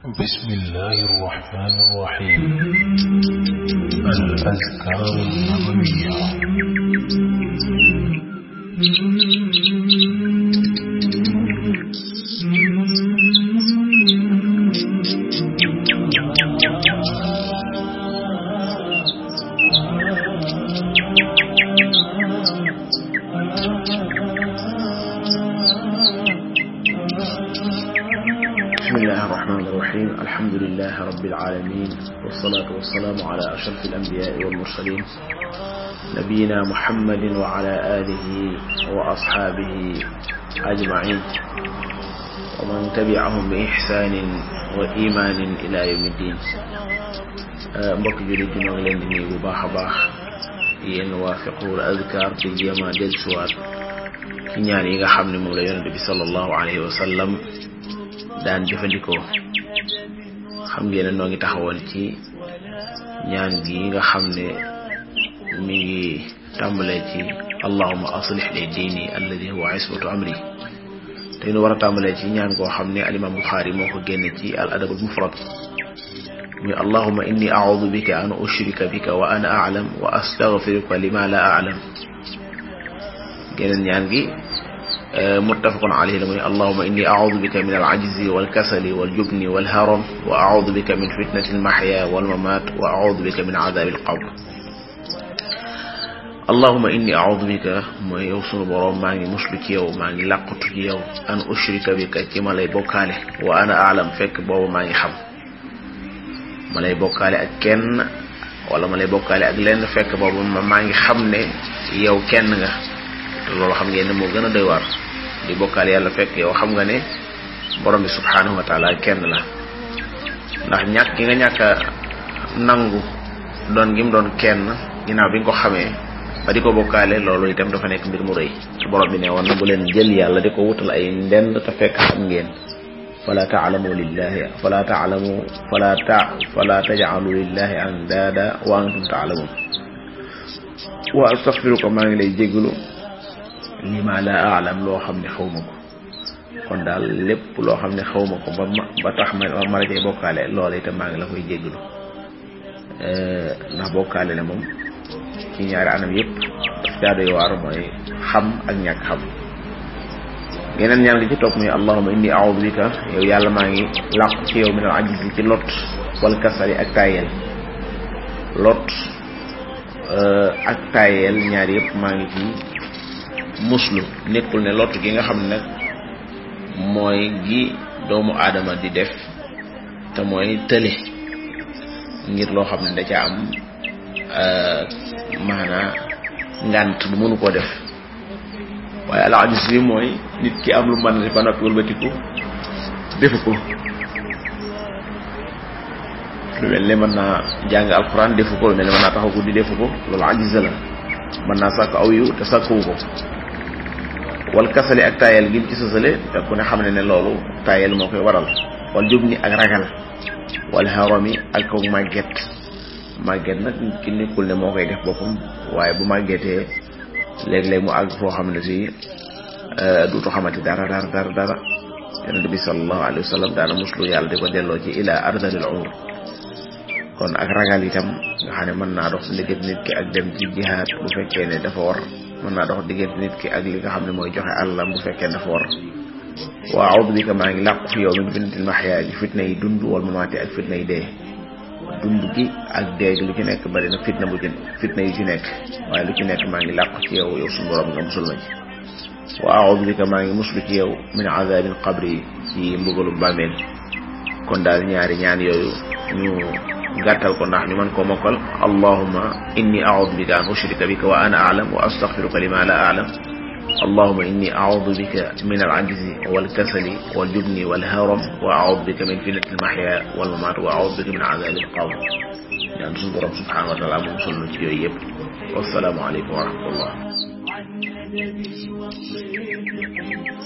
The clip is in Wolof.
بسم الله الرحمن الرحيم الأذكار النبوية Mm-hmm. bismillahi irrahmani irrahim alhamdulilahi rabilalamin walsalaatu walsalaamu ala ashraf alambiyaai walmursalin nabiyina muhammadin wa ala alihi wa ashaabihi ajmain wa man tabiahum bi ixsanin wa imaanin ila yawmi ddin eh, mbokk juli di noo ngi leen di nuyu bu baax a baax yéen waa fiqhul azkar di jéem a dellusiwaat ci ñaan yi nga xam ne moom la yonente bi sallallahu alayhi wa sallam daan jëfandikoo xam ngeen noo ngi taxawoon ci ñaan gi nga xam ne mi ngi tàmbalee ci allahuma aslih li diini alladi huwa ismatu amri te war a tàmbalee ci ñaan koo xam ne alimam buxaari moo ko génne ci al adabul mufrad muy allahuma inni audu bika an ushrika bika wa ana alam lima la alam gi muttafaqun alayhi la muy allahuma inni audu bika min alajzi walkasali waljubni walharam wa audu bika min fitnati almahya walmamat wa audu bika min adabi alqabr allahuma inni audu bika mooy yow sunu boroom maa ngi muslu ci yow maa ngi làqutu ci yow an ushrika bika ci ma lay bokkaale wa ana aalam fekk boobu maa ngi xam ma lay bokkaale ak kenn wala ma lay bokkaale ak lenn fekk boobu maa ngi xam ne yow kenn nga loolu xam ngeen ne moo gën a doy waar di bokkaal yàlla fekk yow xam nga ne borom bi subhanahu wa kenn la ndax ñàkk gi nga ñàkk nangu doon gi mu doon kenn ginnaaw bi nga ko xamee ba di ko bokkaale loolu itam dafa nekk mbir mu rëy borom bi ne woon na bu leen jël yàlla di ko wutal ay ndend te fekk xam ngeen fala taalamu lillahi fala taalamu fala ta fala tajaalu lillahi andada wa antum taalamun wa astaxfiruka maa ngi lay jégalu lima la alam loo xam ne xaw ma ko kon daal lépp loo xam ne xaw ko ba ma ba tax ma ma la bokkaale loola maa ngi la koy jéggalu eh, ndax bokkaale ne moom ci ñaari anam yëpp daf daa doy waar mooy xam ak ñàkk xam geneen ñaan ci topp muy allahuma inni a'udhu bika yàlla maa ngi làqu ci yow min al ajzi ci lot wal ak tayel lot eh, ak tayel ñaar yëpp maa ngi ci muslu nekkul ne lott gi nga xam ne nag mooy gi doomu aadama di def te mooy tële ngir loo xam ne da ca am euh, maanaa ngànt bu mënu koo def waaye alajis bi mooy nit ki am lu mën a mel ne mën naa jàng alxuraan defu ko ko loolu ajis la mën naa sàkk aw yiw te sàkkuwu ko wal kasali ak tayel gi mu ci sësale ku ne xam ne ne loolu tayel moo koy waral wal jubni ak ragal wal harami ak kaw màgget màgget nag ki nekkul ne moo koy def boppam waaye bu màggetee léeg-léeg mu àgg foo xam ne si euh, duutu xamante dara dara dara dara yonente bi sallallahu alayhi wa sallam daana muslu yàlla di ko delloo ci ila ardalil umr kon ak ragal itam nga xam ne mën naa dox diggante nit ki ak dem ci jihaad bu fekkee ne dafa war mën naa dox diggante nit ki ak li nga xam ne mooy joxe àllam bu fekkee ne dafa war wa a'udhu bika maa ngi làqu fi yow min fitnatil mahyaa ji yi dund wal mamaati ak fitna yi dee dund gi ak dee gi lu ci nekk na fitna bu ci fitna yi ci nekk waaye lu ci nekk maa ngi làqu ci yow yow a borom nga maa ngi muslu ci yow min azaabil qabri ci mbugalum bàmmeel kon daal ñaari ñaan yooyu gàttal ko ndax ñu mën koo mokkal allahuma inni audu bika an ushrika bika wa ana alam wa astaghfiruka lima la alam allahuma inni audu bika min al ajzi wal kasali wal jubni wal haram wa audu bika min fitnati al mahya wal mamat wa audu bika min azabi al qabr ñaan suñu borom subhanahu wa taala moom sunu ci yooyu yëpp wassalaamu aleykum wa rahmatullah